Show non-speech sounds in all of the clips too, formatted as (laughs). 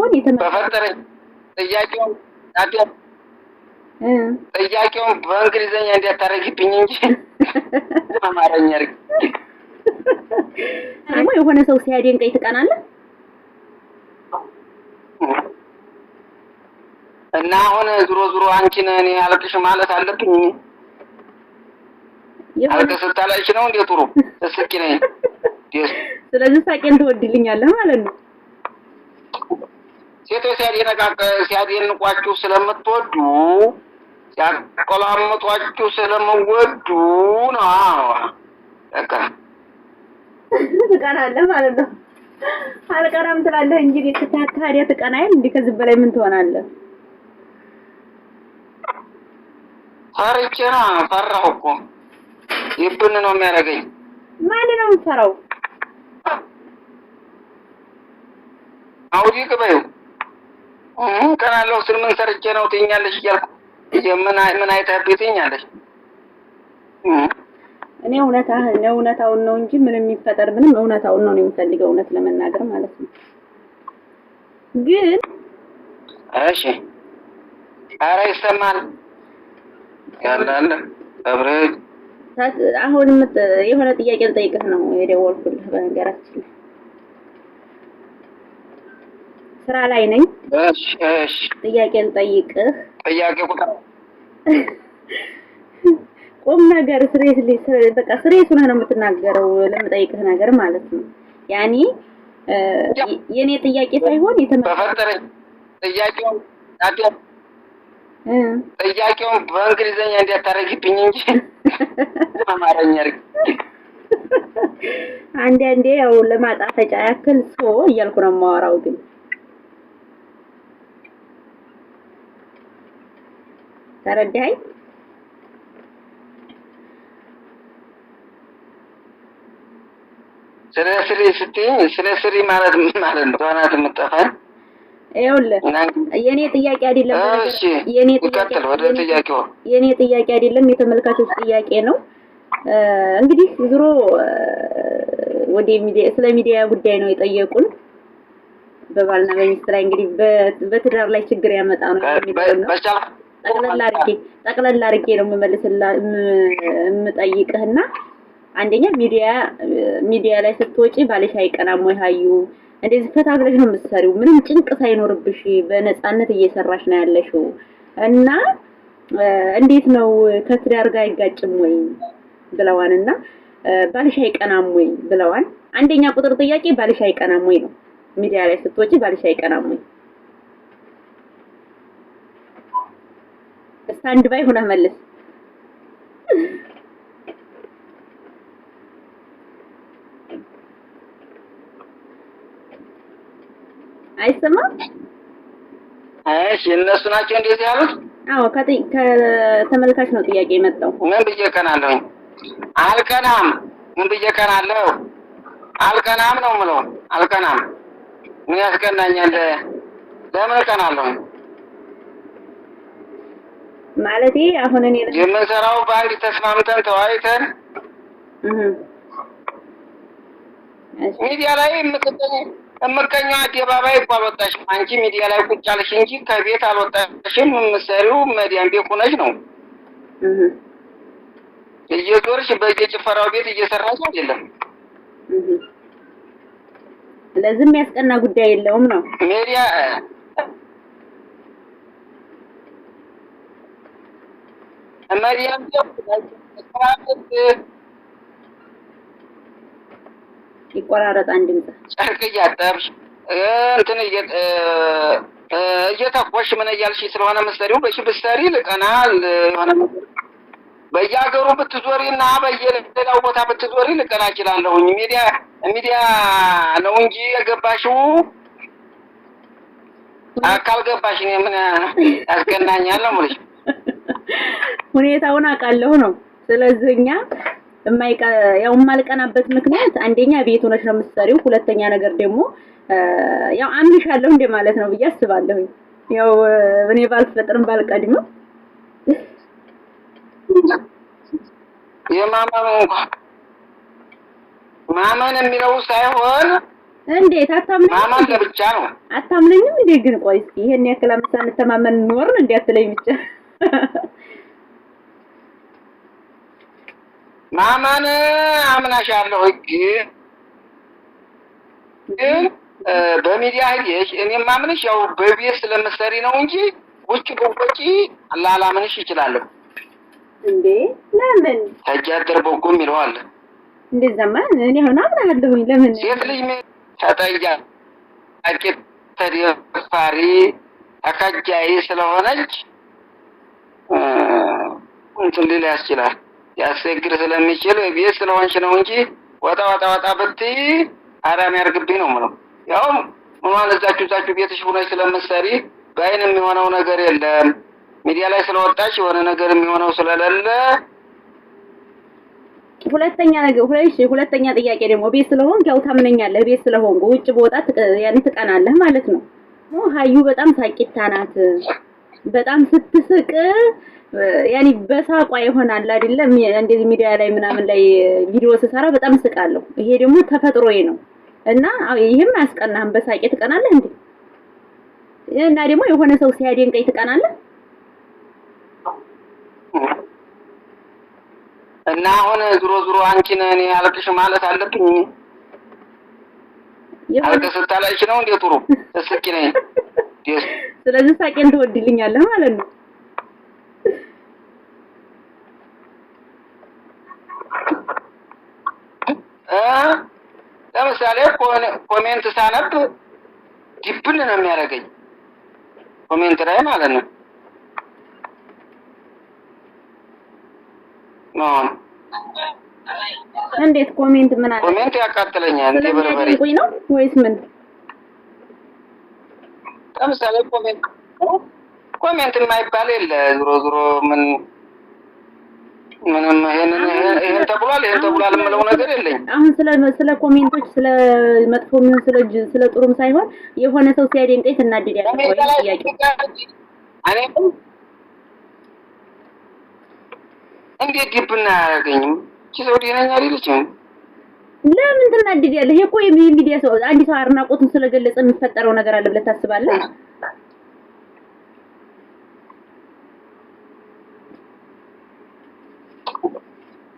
ሲሆን የተመፈጠረኝ ጥያቄውን ጥያቄውን በእንግሊዘኛ እንዲያታረግብኝ እንጂ (laughs) አማርኛ አድርግ። ደግሞ የሆነ ሰው ሲያደንቀኝ ትቀናለህ እና አሁን ዝሮ ዞሮ አንቺን እኔ አልቅሽ ማለት አለብኝ። አልቅስ ስታላልሽ ነው እንዴ? ጥሩ እስኪ ነኝ። (laughs) ስለዚህ ሳቄን ትወድልኛለህ ማለት ነው። ሴቶች ሲያደንቋችሁ ስለምትወዱ ሲያቆላምጧችሁ ስለምወዱ ነው። በቃ ትቀናለህ ማለት ነው። አልቀናም ትላለህ እንግዲህ ታዲያ ትቀናይም እንዲህ ከዚህ በላይ ምን ትሆናለህ? ፈርቼ ነው ፈራሁ እኮ ይብን ነው የሚያደርገኝ። ማን ነው የምትፈራው? አውዲ ቅበይው እጠላለሁ። ስል ምን ሰርቼ ነው ትኛለሽ እያልኩ ምን አይተህብኝ ትኛለሽ? እኔ እውነታ እውነታውን ነው እንጂ ምንም የሚፈጠር ምንም እውነታውን ነው የሚፈልገው፣ እውነት ለመናገር ማለት ነው። ግን እሺ፣ ኧረ ይሰማል ያላለ አብረህ አሁን የሆነ ጥያቄ ልጠይቅህ ነው የደወልኩልህ በነገራችን ላይ ስራ ላይ ነኝ። እሺ እሺ። ጥያቄ ልጠይቅህ። ጥያቄ ቁጥር (laughs) ቁም ነገር ሊስ በቃ ስሬት ሆነህ ነው የምትናገረው ለምጠይቅህ ነገር ማለት ነው። ያኔ የኔ ጥያቄ ሳይሆን የተመፈጠረ ጥያቄው ታዲያ ጥያቄውን በእንግሊዘኛ እንዲያታረግብኝ እንጂ (laughs) በአማርኛ አድርግ። አንዳንዴ ያው ለማጣፈጫ ያክል ሶ እያልኩ ነው የማወራው ግን ተረዳኸኝ? ስለ ስሪ ስትይኝ ስለ ስሪ ማለት ምን ማለት ነው? ተዋናት የምጠፋን ይኸውልህ የኔ ጥያቄ አይደለም። እሺ የኔ ጥያቄ ወደ ጥያቄው የኔ ጥያቄ አይደለም፣ የተመልካቾች ጥያቄ ነው። እንግዲህ ዞሮ ወደ ሚዲያ ስለ ሚዲያ ጉዳይ ነው የጠየቁን። በባልና በሚስት ላይ እንግዲህ በትዳር ላይ ችግር ያመጣ ነው የሚለው ነው። ጠቅለል አድርጌ ጠቅለል አድርጌ ነው የምመልስልህ የምጠይቅህና አንደኛ ሚዲያ ሚዲያ ላይ ስትወጪ ባልሽ አይቀናም ወይ ሀዩ? እንደዚህ ፈታ ብለሽ ነው የምትሰሪው። ምንም ጭንቅ ሳይኖርብሽ በነፃነት እየሰራሽ ነው ያለሽው እና እንዴት ነው ከትዳር ጋር አይጋጭም ወይ ብለዋን እና ባልሽ አይቀናም ወይ ብለዋን። አንደኛ ቁጥር ጥያቄ ባልሽ አይቀናም ወይ ነው። ሚዲያ ላይ ስትወጪ ባልሽ አይቀናም ወይ? ስታንድ ባይ ሆነህ መልስ። አይሰማም? እሺ እነሱ ናቸው እንደዚህ ያሉት። አዎ ከተመልካች ነው ጥያቄ የመጣው። ምን ብዬ ቀናለሁ? አልቀናም። ምን ብዬ ቀናለሁ? አልቀናም ነው የምለው። አልቀናም። ምን ያስቀናኛል? ለምን ቀናለሁ? ማለት አሁን እኔ የምንሰራው በአንድ ተስማምተን ተዋይተን ሚዲያ ላይ የምቀኛው አደባባይ እኮ አልወጣሽም። አንቺ ሚዲያ ላይ ቁጭ አልሽ እንጂ ከቤት አልወጣሽም። የምትሰሪው መዲያን ቤት ሆነሽ ነው እየዞርሽ በየጭፈራው ቤት እየሰራሽ አይደለም። ለዚህ የሚያስቀና ጉዳይ የለውም ነው ሚዲያ መርያም ይቆራረጥ አንድ ጨርቅ እያጠብሽ እንትን እየተኮሽ ምን እያልሽ ስለሆነ ብሰሪ በየሀገሩ ብትዞሪ እና በየሌላው ቦታ ብትዞሪ ልቀና እችላለሁኝ። ሚዲያ ሚዲያ ነው እንጂ የገባሽው ምን ያስገናኛል ነው የምልሽ ሁኔታውን አውቃለሁ ነው። ስለዚህ እኛ ያው የማልቀናበት ምክንያት አንደኛ ቤት ሆነሽ ነው የምትሰሪው፣ ሁለተኛ ነገር ደግሞ ያው አምንሻለሁ እንደ ማለት ነው ብዬ አስባለሁኝ። ያው እኔ ባልፈጥርም ባልቀድምም የማመን እንኳን ማመን የሚለው ሳይሆን እንዴት አታምነኝ? ማመን ለብቻ ነው። አታምነኝም እንዴ? ግን ቆይ እስኪ ይሄን ያክል አምሳ እንተማመን እንኖርን እንዴ አትለኝ ብቻ ማማን አምናሻለሁ ህግ ግን በሚዲያ ሄደሽ እኔ ማምንሽ ያው በቤት ስለምትሰሪ ነው እንጂ ውጭ በውጭ ላላምንሽ ይችላለሁ። እንዴ ለምን ተጃደር በጎም እንዴ? ዘመን እኔ አሁን አምናለሁኝ። ለምን ሴት ልጅ ተጠያ አቂ ተደፋሪ ተከጃይ ስለሆነች እንትን ሊል ያስችላል። ሊያስቸግር ስለሚችል ቤት ስለሆንች ነው እንጂ ወጣ ወጣ ወጣ ብትይ አራም ያርግብኝ ነው ምለው። ያውም ምኗን እዛችሁ እዛችሁ ቤትሽ ሆነሽ ስለምትሰሪ በአይን የሚሆነው ነገር የለም። ሚዲያ ላይ ስለወጣች የሆነ ነገር የሚሆነው ስለሌለ ሁለተኛ ነገር ሁለተኛ ጥያቄ ደግሞ ቤት ስለሆንክ ያው ታምነኛለህ። ቤት ስለሆንኩ ውጭ በወጣት ያን ትቀናለህ ማለት ነው። ሀዩ በጣም ሳቂታ ናት። በጣም ስትስቅ ያኔ በሳቋ ይሆናል አይደለም። እንደዚህ ሚዲያ ላይ ምናምን ላይ ቪዲዮ ስሰራ በጣም ስቃለሁ። ይሄ ደግሞ ተፈጥሮዬ ነው እና ይህም አያስቀናህም። በሳቄ ትቀናለህ እንዴ? እና ደግሞ የሆነ ሰው ሲያደንቀኝ ትቀናለህ? እና አሁን ዞሮ ዞሮ አንቺን እኔ አልቅሽ ማለት አለብኝ። አልቅስ ስታላይሽ ነው እንዴ? ጥሩ እስኪ ነኝ ስለዚህ ሳቄን ትወድልኛለህ ማለት ነው። ለምሳሌ ኮሜንት ሳነብ ዲብል ነው የሚያደርገኝ ኮሜንት ላይ ማለት ነው። እንዴት ኮሜንት ምን አለ? ኮሜንት ያቃጥለኛል። እንዴ በርበሬ ነው ወይስ ምን? ለምሳሌ ኮሜንት ኮሜንት የማይባል የለ። ዞሮ ዞሮ ምን ምንም ይሄንን ይሄን ተብሏል ይሄን ተብሏል የምለው ነገር የለኝ። አሁን ስለ ስለ ኮሜንቶች ስለ መጥፎ ምን ስለ ስለ ጥሩም ሳይሆን የሆነ ሰው ሲያደንቀኝ ትናደዳለህ ወይ ጥያቄ? እኔ እንዴት ግብና እና አያደርገኝም። እቺ ሰው ዲነኛ አይደለችም። ለምን ትናድዳለህ? ይሄ እኮ የሚዲያ ሰው አንድ ሰው አድናቆትን ስለገለጸ የሚፈጠረው ነገር አለ ብለህ ታስባለህ?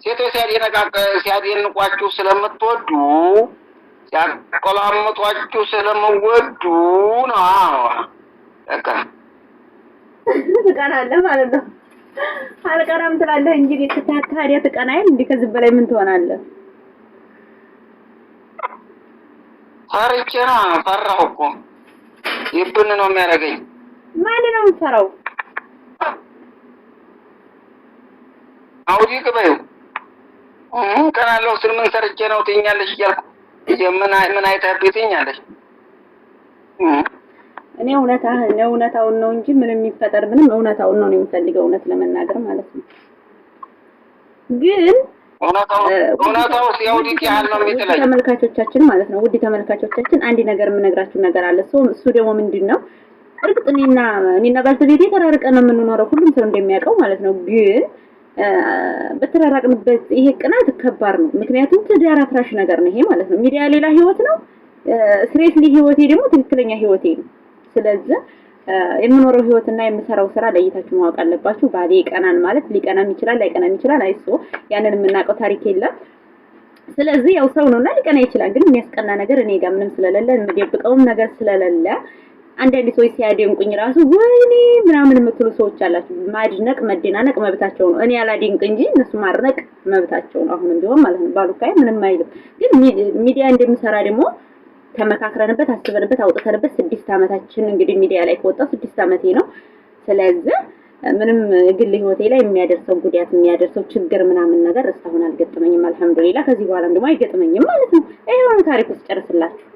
ሴቶች ሲያደነቃቀ ሲያደንቋችሁ ስለምትወዱ ሲያቆላምጧችሁ ስለምወዱ ነው። በቃ ትቀናለህ ማለት ነው። አልቀናም ትላለህ እንግዲህ። ታዲያ ትቀናይል እንዲህ ከዚህ በላይ ምን ትሆናለህ? ፈርቼና ፈራሁ እኮ ይብን ነው የሚያደርገኝ። ማን ነው የምፈራው? አውዲ ቅበዩ ቀናለው ስል ምን ሰርቼ ነው ትኛለሽ እያልኩ ምን ምን አይተህብኝ ትኛለሽ? እኔ እውነታ ነው እውነታውን ነው እንጂ ምንም የሚፈጠር ምንም እውነታውን ነው የምፈልገው እውነት ለመናገር ማለት ነው ግን ተመልካቾቻችን ማለት ነው። ውድ ተመልካቾቻችን አንድ ነገር የምነግራችሁ ነገር አለ። እሱ ደግሞ ምንድን ነው? እርግጥ እኔና እኔና ባልተቤቴ ተራርቀን ነው የምንኖረው፣ ሁሉም ሰው እንደሚያውቀው ማለት ነው። ግን በተራራቅንበት ይሄ ቅናት ከባድ ነው። ምክንያቱም ትዳር አፍራሽ ነገር ነው ይሄ ማለት ነው። ሚዲያ ሌላ ህይወት ነው። ስሬትሊ ህይወቴ ደግሞ ትክክለኛ ህይወቴ ነው። ስለዚህ የምኖረው ህይወትና የምሰራው ስራ ለይታችሁ ማወቅ አለባችሁ። ባሌ ቀናን ማለት ሊቀናም ይችላል ላይቀናም ይችላል። አይሶ ያንን የምናውቀው ታሪክ የለም። ስለዚህ ያው ሰው ነውና ሊቀና ይችላል። ግን የሚያስቀና ነገር እኔ ጋር ምንም ስለሌለ የምደብቀውም ነገር ስለሌለ አንዳንድ ሰዎች ሲያደንቁኝ ራሱ ወይኔ ምናምን የምትሉ ሰዎች አላችሁ። ማድነቅ መደናነቅ መብታቸው ነው። እኔ ያላደንቅ እንጂ እነሱ ማድነቅ መብታቸው ነው። አሁንም ቢሆን ማለት ነው ባሉካይ ምንም አይልም። ግን ሚዲያ እንደምሰራ ደግሞ ተመካክረንበት አስበንበት አውጥተንበት ስድስት ዓመታችን እንግዲህ ሚዲያ ላይ ከወጣው ስድስት ዓመቴ ነው። ስለዚህ ምንም ግል ህይወቴ ላይ የሚያደርሰው ጉዳት የሚያደርሰው ችግር ምናምን ነገር እስካሁን አልገጠመኝም። አልሐምዱሊላ ከዚህ በኋላም ደግሞ አይገጥመኝም ማለት ነው። ይሄ ታሪክ ውስጥ ጨርስላችሁ